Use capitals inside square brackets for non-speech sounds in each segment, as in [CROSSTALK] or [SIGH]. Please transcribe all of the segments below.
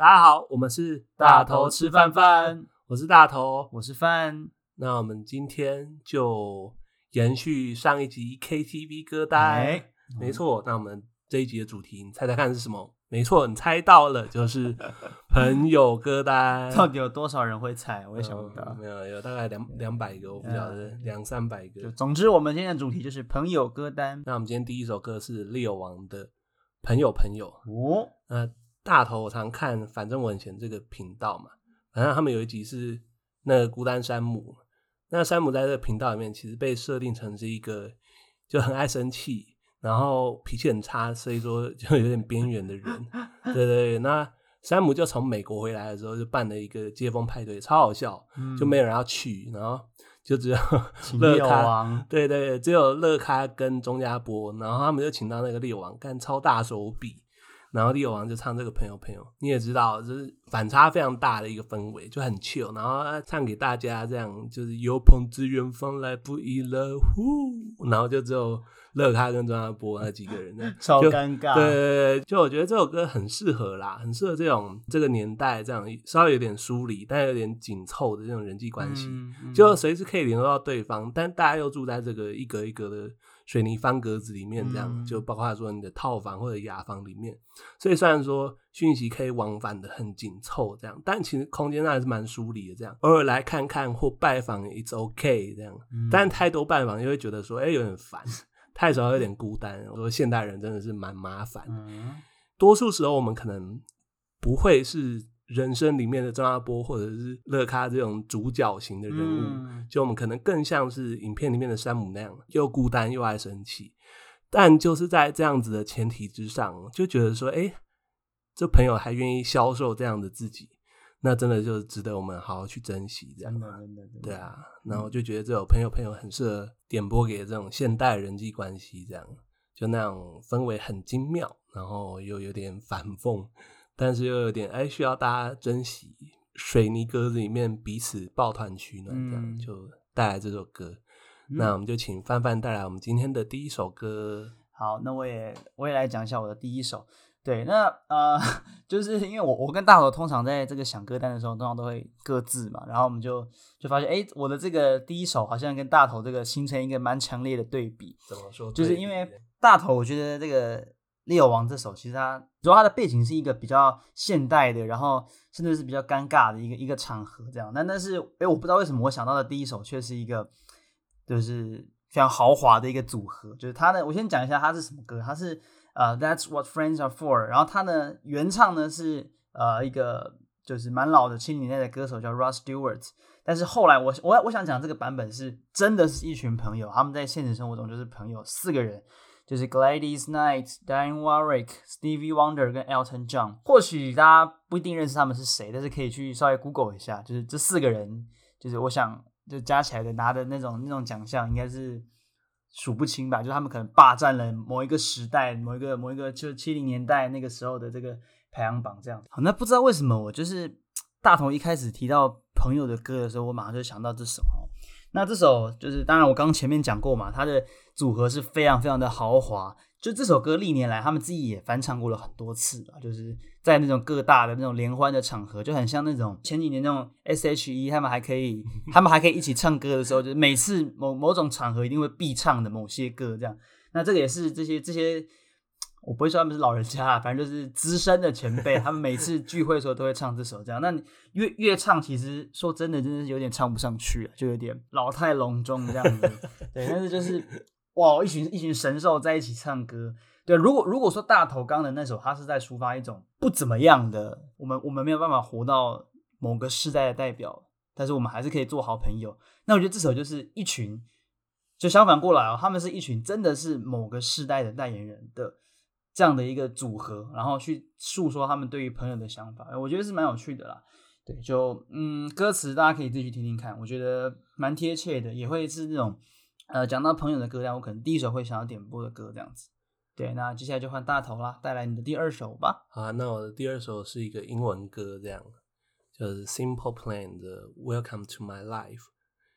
大家好，我們是大頭吃飯飯，飯飯我是大頭，我是飯，那我們今天就延續上一集 KTV 歌單，欸、沒錯。那我們這一集的主題，你猜猜看是什麼？沒錯，你猜到了， [LAUGHS] 就是朋友歌單。到底有多少人會猜？我也想不到，呃、沒有，有大概兩兩百個，我不曉得、呃，兩三百個。總之，我們今天的主題就是朋友歌單。那我們今天第一首歌是 Leo 王的朋友朋友哦，那、呃。大頭我常看，反正我很閒這個頻道嘛。反正他們有一集是那個孤單山姆，那山姆在這個頻道裡面其實被設定成是一個就很愛生氣，然後脾氣很差，所以說就有點邊緣的人。對對，那山姆就從美國回來的時候就辦了一個接風派對，超好笑，就沒有人要去，然後就只有、嗯、 [LAUGHS] 樂卡對對，只有樂卡跟鍾家波，然後他們就請到那個獵王，幹超大手筆。然後 Leo 王就唱這個朋友朋友，你也知道，就是反差非常大的一個氛圍，就很 chill。然後他唱給大家這樣，就是有朋自遠方來不亦樂乎。然後就只有樂咖跟莊阿波那幾個人， [LAUGHS] 超尷尬。對，對對對，就我覺得這首歌很適合啦，很適合這種這個年代這樣稍微有點疏離但有點緊湊的這種人際關係，嗯嗯、就隨時可以聯絡到對方，但大家又住在這個一格一格的。水泥方格子裡面，這樣就包括說你的套房或者雅房裡面，嗯、所以雖然說訊息可以往返的很緊湊，這樣，但其實空間上還是蠻疏離的，這樣偶爾來看看或拜訪，it's okay 這樣，嗯、但太多拜訪又會覺得說，哎、欸，有點煩；太少有點孤單。嗯、我說現代人真的是蠻麻煩的，嗯、多數時候我們可能不會是。人生裡面的張亞波或者是樂咖這種主角型的人物，嗯、就我們可能更像是影片裡面的山姆那樣，又孤單又愛生氣。但就是在這樣子的前提之上，就覺得說，哎、欸，這朋友還願意銷售這樣的自己，那真的就是值得我們好好去珍惜，這樣。嗯、對啊，嗯、然後就覺得這種朋友朋友很適合點播給這種現代人際關係，這樣，就那種氛圍很精妙，然後又有點反諷。但是又有點哎，需要大家珍惜，水泥格子裡面彼此抱團取暖，這樣、嗯、就帶來這首歌。嗯、那我們就請范范帶來我們今天的第一首歌。好，那我也我也來講一下我的第一首。對，那呃，就是因為我我跟大頭通常在這個想歌單的時候，通常都會各自嘛，然後我們就就發現，哎、欸，我的這個第一首好像跟大頭這個形成一個蠻強烈的對比。怎麼說？就是因為大頭，我覺得這個。Leo 王這首，其實它主要它的背景是一個比較現代的，然後甚至是比較尷尬的一個一個場合這樣。但但是，哎、欸，我不知道為什麼我想到的第一首卻是一個，就是非常豪華的一個組合。就是他呢，我先講一下他是什麼歌，他是呃、uh, "That's What Friends Are For"，然後他的原唱呢是呃、uh, 一個就是蠻老的七零年代的歌手叫 Rod Stewart，但是後來我我我想講這個版本是真的是一群朋友，他們在現實生活中就是朋友四個人。就是 Gladys Knight、Dionne Warwick、Stevie Wonder 跟 Elton John，或許大家不一定認識他們是誰，但是可以去稍微 Google 一下。就是這四個人，就是我想，就加起來的拿的那種那種獎項，應該是數不清吧。就是他們可能霸占了某一個時代、某一個某一個就七零年代那個時候的這個排行榜這樣子。好，那不知道為什麼我就是大同一開始提到朋友的歌的時候，我馬上就想到這首。那這首就是，當然我剛前面講過嘛，它的組合是非常非常的豪華。就這首歌歷年來，他們自己也翻唱過了很多次啊，就是在那種各大的那種聯歡的場合，就很像那種前幾年那種 S.H.E，他們還可以，他們還可以一起唱歌的時候，就是每次某某種場合一定會必唱的某些歌這樣。那這個也是這些這些。我不會說他們是老人家，反正就是資深的前輩。他們每次聚會的時候都會唱這首，這樣。那你越越唱，其實說真的，真的是有點唱不上去了，就有點老態龍鍾這樣子。對，但是就是哇，一群一群神獸在一起唱歌。對，如果如果說大頭剛的那首，他是在抒發一種不怎麼樣的，我們我們沒有辦法活到某個世代的代表，但是我們還是可以做好朋友。那我覺得這首就是一群，就相反過來哦，他們是一群真的是某個世代的代言人的。的這樣的一個組合，然後去訴說他們對於朋友的想法，我覺得是蠻有趣的啦。對，就嗯，歌詞大家可以自己聽聽看，我覺得蠻貼切的，也會是這種呃講到朋友的歌，這樣我可能第一首會想要點播的歌這樣子。對，那接下來就換大頭啦，帶來你的第二首吧。好啊，那我的第二首是一個英文歌這樣，就是 Simple Plan 的《Welcome to My Life》，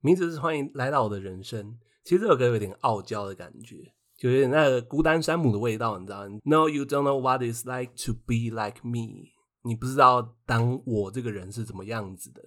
名字是歡迎來到我的人生。其實這首歌有點傲嬌的感覺。就有點那個孤單山姆的味道，你知道嗎？No, you don't know what it's like to be like me。你不知道當我這個人是怎麼樣子的，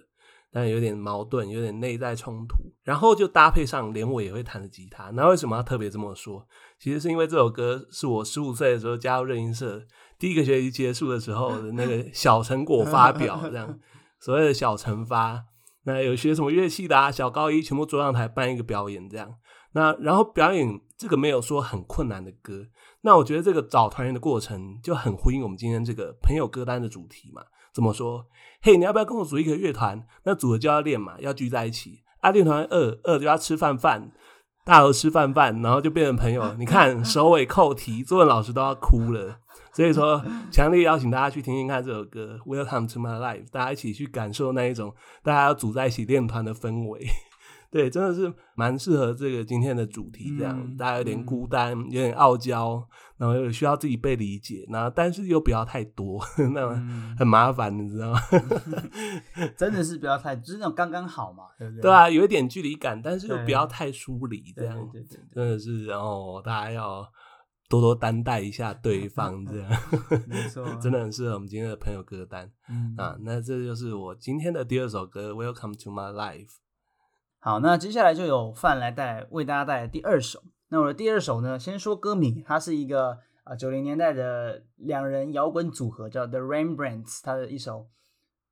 但有點矛盾，有點內在衝突。然後就搭配上連我也會彈的吉他。那為什麼要特別這麼說？其實是因為這首歌是我十五歲的時候加入任音社，第一個學期結束的時候的那個小成果發表，這樣 [LAUGHS] 所謂的小成發。那有學什麼樂器的？啊？小高一全部走上台辦一個表演，這樣。那然後表演這個沒有說很困難的歌，那我覺得這個找團員的過程就很呼應我們今天這個朋友歌單的主題嘛。怎麼說？嘿、hey，你要不要跟我組一個樂團？那組了就要練嘛，要聚在一起。啊，練團二二就要吃飯飯，大家都吃飯飯，然後就變成朋友。 [LAUGHS] 你看首尾扣題，作文老師都要哭了。所以說，強烈邀請大家去聽聽看這首歌《 [LAUGHS] Welcome to My Life》，大家一起去感受那一種大家要組在一起練團的氛圍。對，真的是蠻適合這個今天的主題，這樣、嗯、大家有點孤單，嗯、有點傲嬌，然後又需要自己被理解，然後但是又不要太多， [LAUGHS] 那麼很麻煩，嗯、你知道嗎？ [LAUGHS] [LAUGHS] 真的是不要太，就是那種剛剛好嘛，對不對，對？對啊，有一點距離感，但是又不要太疏離，這樣，對對對對，真的是，然後大家要多多擔待一下對方，這樣，沒錯、嗯， [LAUGHS] 真的很適合我們今天的朋友歌單、嗯、啊，那這就是我今天的第二首歌，Welcome to My Life。好，那接下來就由范來帶為大家帶來第二首。那我的第二首呢，先說歌名，它是一個啊九零年代的兩人搖滾組合叫 The Rembrandts，他的一首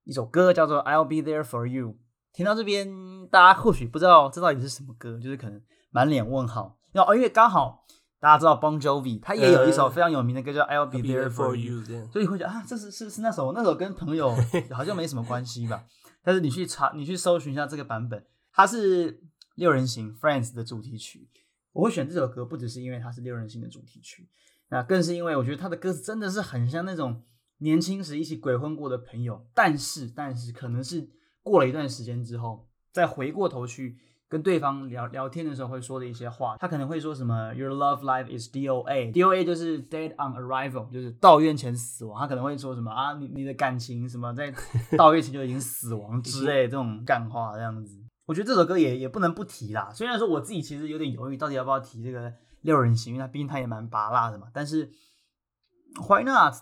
一首歌叫做《I'll Be There for You》。聽到這邊，大家或許不知道這到底是什麼歌，就是可能滿臉問號。然後，因為剛好大家知道 Bon Jovi，他也有一首非常有名的歌叫《I'll Be、uh, There for You》，所以會覺得啊，這是是不是那首，那首跟朋友好像沒什麼關係吧？ [LAUGHS] 但是你去查，你去搜尋一下這個版本。它是六人行《Friends》的主題曲，我會選這首歌，不只是因為它是六人行的主題曲，那更是因為我覺得他的歌詞真的是很像那種年輕時一起鬼混過的朋友，但是但是可能是過了一段時間之後，再回過頭去跟對方聊聊天的時候會說的一些話，他可能會說什麼 “Your love life is D O A”，D O A 就是 “Dead on Arrival”，就是到院前死亡。他可能會說什麼啊，你你的感情什麼在到院前就已經死亡之類的這種幹話，這樣子。我覺得這首歌也也不能不提啦，雖然說我自己其實有點猶豫，到底要不要提這個六人行，因為它畢竟它也蠻芭樂的嘛。但是，Why not？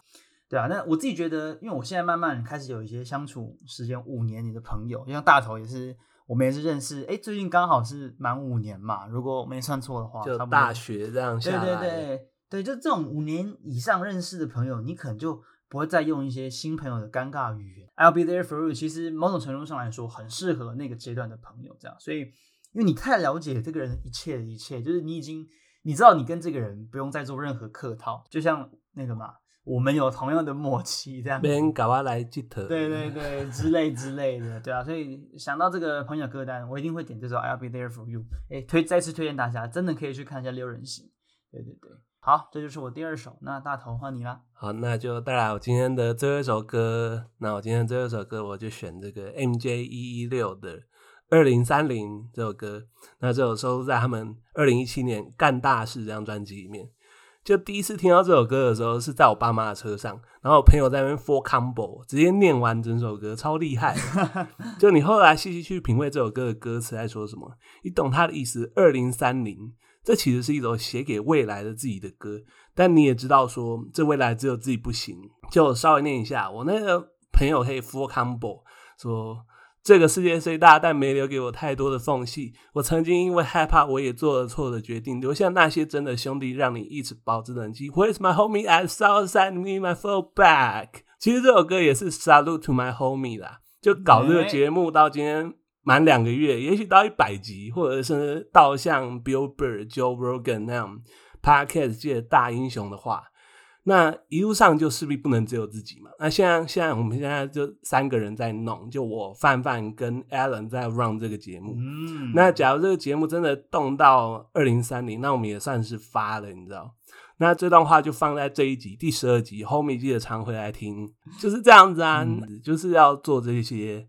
對啊，那我自己覺得，因為我現在慢慢開始有一些相處時間五年你的朋友，就像大頭也是，我們也是認識，誒、欸、最近剛好是滿五年嘛，如果沒算錯的話，就大學這樣下來，對對對對，就這種五年以上認識的朋友，你可能就。不會再用一些新朋友的尷尬語言，I'll be there for you。其實某種程度上來說，很適合那個階段的朋友這樣。所以，因為你太了解這個人一切的一切，就是你已經你知道你跟這個人不用再做任何客套，就像那個嘛，我們有同樣的默契這樣。別人搞我來接頭。對對對，之類之類的， [LAUGHS] 對啊。所以想到這個朋友歌單，我一定會點這首 I'll be there for you。哎、欸，推再次推薦大家，真的可以去看一下六人行。對對對，好，這就是我第二首。那大頭換你了。好，那就帶來我今天的最後一首歌。那我今天最後一首歌，我就選這個 MJ 一一六的《二零三零》這首歌。那這首收在他們二零一七年《幹大事》這張專輯裡面。就第一次聽到這首歌的時候，是在我爸媽的車上，然後我朋友在那邊 Full Combo 直接念完整首歌，超厲害。 [LAUGHS] 就你後來細細去品味這首歌的歌詞在說什麼，你懂他的意思。二零三零。這其實是一首寫給未來的自己的歌，但你也知道說，說這未來只有自己不行。就稍微念一下，我那個朋友可以 for combo 說：“這個世界雖大，但沒留給我太多的縫隙。我曾經因為害怕，我也做了錯的決定，留下那些真的兄弟，讓你一直保持冷靜。” Where's my homie? I saw send me my full back。其實這首歌也是 Salute to my homie 啦，就搞這個節目到今天，滿兩個月，也許到一百集，或者是到像 Bill Burr、Joe Rogan 那樣 Podcast 界大英雄的話，那一路上就勢必不能只有自己嘛。那現在，現在我們現在就三個人在弄，就我范范跟 Alan 在 run 這個節目。嗯、那假如這個節目真的動到二零三零，那我們也算是發了，你知道？那這段話就放在這一集第十二集，後面記得常回來聽。就是這樣子啊，嗯、就是要做這些。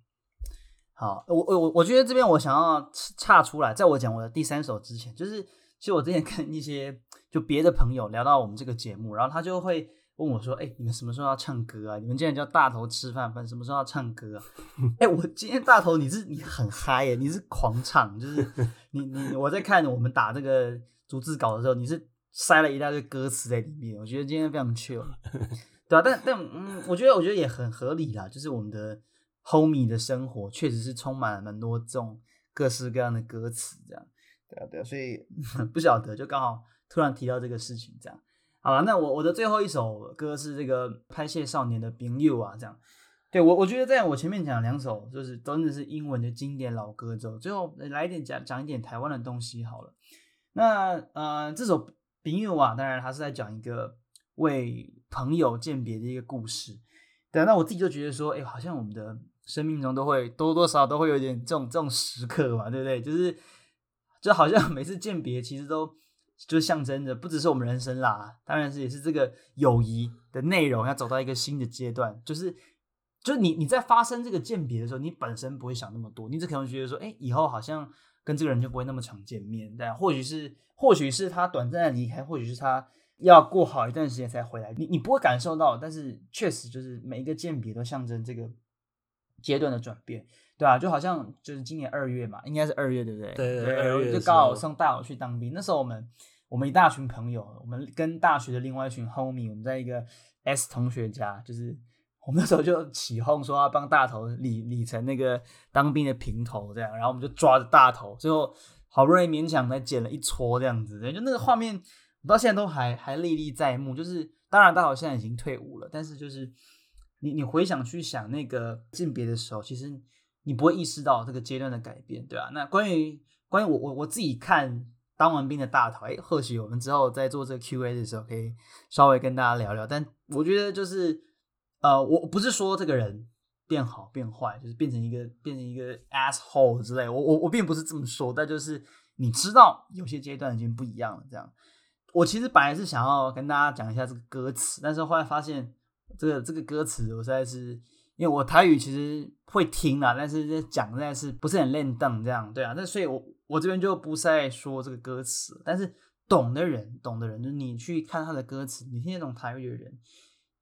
好，我我我我覺得這邊我想要岔出來，在我講我的第三首之前，就是其實我之前跟一些就別的朋友聊到我們這個節目，然後他就會問我說：“哎、欸，你們什麼時候要唱歌啊？你們竟然叫大頭吃飯飯，什麼時候要唱歌、啊？”哎、欸，我今天大頭你是你很嗨，你是狂唱，就是你你我在看我們打這個逐字稿的時候，你是塞了一大堆歌詞在裡面，我覺得今天非常 chill，對吧、啊？但但嗯，我覺得我覺得也很合理啦，就是我們的。Homey 的生活確實是充滿了蠻多這種各式各樣的歌詞，這樣。對啊對啊，所以 [LAUGHS] 不曉得就剛好突然提到這個事情，這樣好了。那我我的最後一首歌是這個拍謝少年的《朋友》啊，這樣。對我我覺得在我前面講兩首就是真的是英文的經典老歌之後，最後來一點講講一點台灣的東西好了。那呃這首《朋友》啊，當然它是在講一個為朋友餞別的一個故事，對、啊。那我自己就覺得說，哎，好像我們的。生命中都會多多少少都會有點這種這種時刻嘛，對不對？就是就好像每次餞別，其實都就象徵着，不只是我們人生啦，當然是也是這個友誼的內容要走到一個新的階段。就是就是你你在發生這個餞別的時候，你本身不會想那麼多，你只可能覺得說，哎，以後好像跟這個人就不會那麼常見面，但或許是或許是他短暫的離開，或許是他要過好一段時間才回來，你你不會感受到，但是確實就是每一個餞別都象徵這個階段的轉變，對啊，就好像就是今年二月嘛，應該是二月，對不對？對、對、對，二月，就剛好送大頭去當兵，那時候我們我們一大群朋友，我們跟大學的另外一群 homie，我們在一個 S 同學家，就是我們那時候就起哄說要幫大頭理理成那個當兵的平頭，這樣，然後我們就抓着大頭，最後好不容易勉強才剪了一撮這樣子，就那個畫面，我到現在都還還歷歷在目。就是當然大頭現在已經退伍了，但是就是。你你回想去想那個性別的時候，其實你不會意識到這個階段的改變，對啊。那關於關於我我我自己看當完兵的大頭，欸、或許我們之後在做這個 Q&A 的時候，可以稍微跟大家聊聊。但我覺得就是呃，我不是說這個人變好變壞，就是變成一個變成一個 asshole 之類。我我我並不是這麼說，但就是你知道有些階段已經不一樣了。這樣，我其實本來是想要跟大家講一下這個歌詞，但是後來發現。這個這個歌詞，我實在是因為我台語其實會聽啦，但是講的實在是不是很輪轉這樣，對啊。那所以我，我我這邊就不再說這個歌詞，但是懂的人，懂的人，就是、你去看他的歌詞，你聽得懂台語的人，你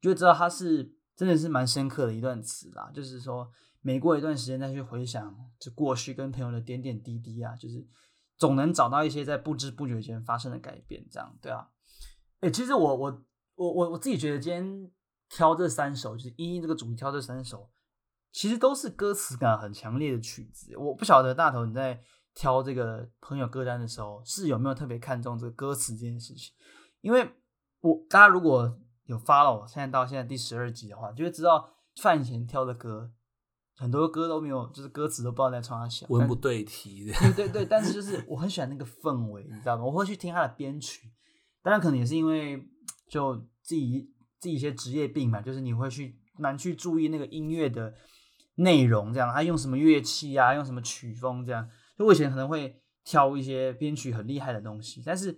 就會知道他是真的是蠻深刻的一段詞啦。就是說，每過一段時間再去回想，就過去跟朋友的點點滴滴啊，就是總能找到一些在不知不覺間發生的改變，這樣，對啊。哎，其實我我我我我自己覺得今天。挑這三首就是因應這個主題挑這三首，其實都是歌詞感很強烈的曲子。我不曉得大頭你在挑這個朋友歌單的時候，是有沒有特別看重這個歌詞這件事情？因為我大家如果有 follow，我現在到現在第十二集的話，就會知道范前挑的歌很多歌都沒有，就是歌詞都不知道在傳達，寫文不對題的。對對對， [LAUGHS] 但是就是我很喜歡那個氛圍，你知道嗎？我會去聽他的編曲，當然可能也是因為就自己。自己一些職業病嘛，就是你會去難去注意那個音樂的內容，這樣還用什麼樂器啊，用什麼曲風這樣，就我以前可能會挑一些編曲很厲害的東西，但是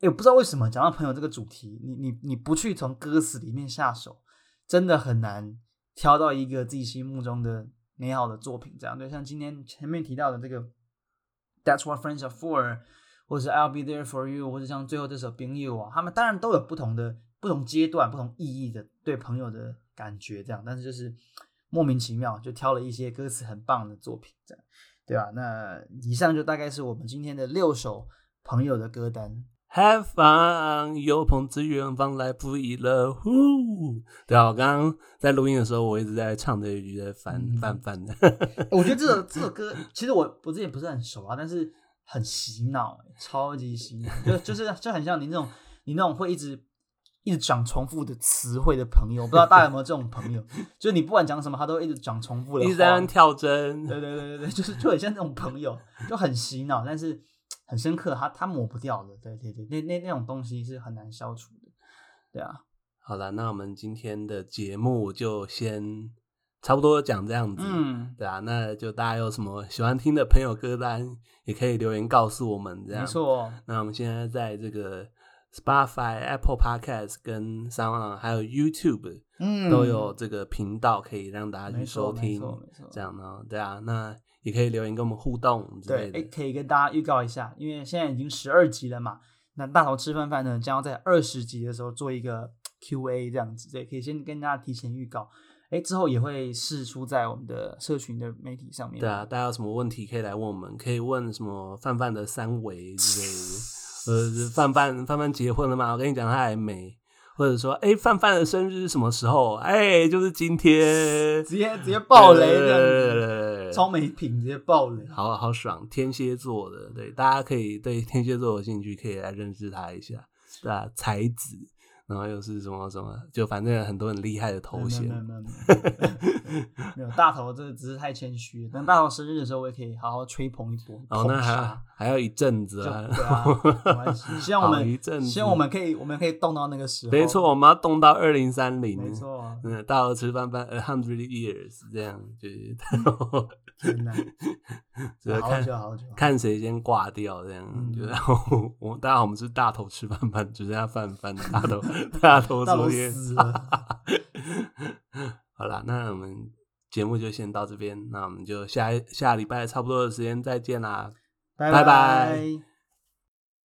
也不知道為什麼，講到朋友這個主題，你你你不去從歌詞裡面下手，真的很難挑到一個自己心目中的美好的作品。這樣，對，像今天前面提到的這個 That's What Friends Are For，或者 I'll Be There For You，或者像最後這首朋友啊，他們當然都有不同的。不同階段、不同意義的對朋友的感覺，這樣，但是就是莫名其妙就挑了一些歌詞很棒的作品，這樣，對吧？那以上就大概是我們今天的六首朋友的歌單。Have fun，有朋自遠方來不，不亦樂乎？對啊？我剛剛在錄音的時候，我一直在唱這一句翻翻翻。嗯、反反的。我覺得這首這首歌， [LAUGHS] 其實我我之前不是很熟啊，但是很洗腦，超級洗腦，就就是就很像你那種你那種會一直。一直講重複的詞彙的朋友，我不知道大家有沒有這種朋友？ [LAUGHS] 就是你不管講什麼，他都會一直講重複的，一直在那跳針。對對對對，就是就很像那種朋友， [LAUGHS] 就很洗腦，但是很深刻，他他抹不掉的。對對對，那那那種東西是很難消除的。對啊，好了，那我們今天的節目就先差不多講這樣子。嗯，對啊，那就大家有什麼喜歡聽的朋友歌單，也可以留言告訴我們。這樣，沒錯，那我們現在在這個。Spotify、Apple Podcasts, 跟 SoundOn 還有 YouTube，嗯，都有這個頻道可以讓大家去收聽，嗯、這樣呢、哦，對啊，那也可以留言跟我們互動之類的，對，可以跟大家預告一下，因為現在已經十二集了嘛，那大頭吃飯飯呢，將要在二十集的時候做一個 QA 這樣子，所以可以先跟大家提前預告，哎，之後也會釋出在我們的社群的媒體上面，對啊，大家有什麼問題可以來問我們，可以問什麼飯飯的三圍之類的。 [LAUGHS] 呃，范范范范結婚了嗎？我跟你講，他還沒。或者說，哎，范范的生日是什麼時候？哎，就是今天，直接直接暴雷的，對對對對，超美品，直接暴雷啊，好好爽。天蠍座的，對，大家可以對天蠍座有興趣，可以來認識他一下，是吧？才子。然後又是什麼什麼，就反正有很多很厲害的頭銜。沒有大頭，這只是太謙虛。等大頭生日的時候，我也可以好好吹捧一波。哦，那還還要一陣子啊？對啊，沒關係。希望我們，希望我們可以，我們可以動到那個時候。沒錯，我們要動到2030。沒錯，嗯，大頭吃飯飯，a hundred years 這樣，就是真的。好久好久，看誰先掛掉這樣。就然後，我大家我們是大頭吃飯飯，只剩下飯飯大頭。 [LAUGHS] 大家昨天大都死， [LAUGHS] 好啦，那我們節目就先到這邊，那我們就下下禮拜差不多的時間再見啦，拜拜 bye。Bye bye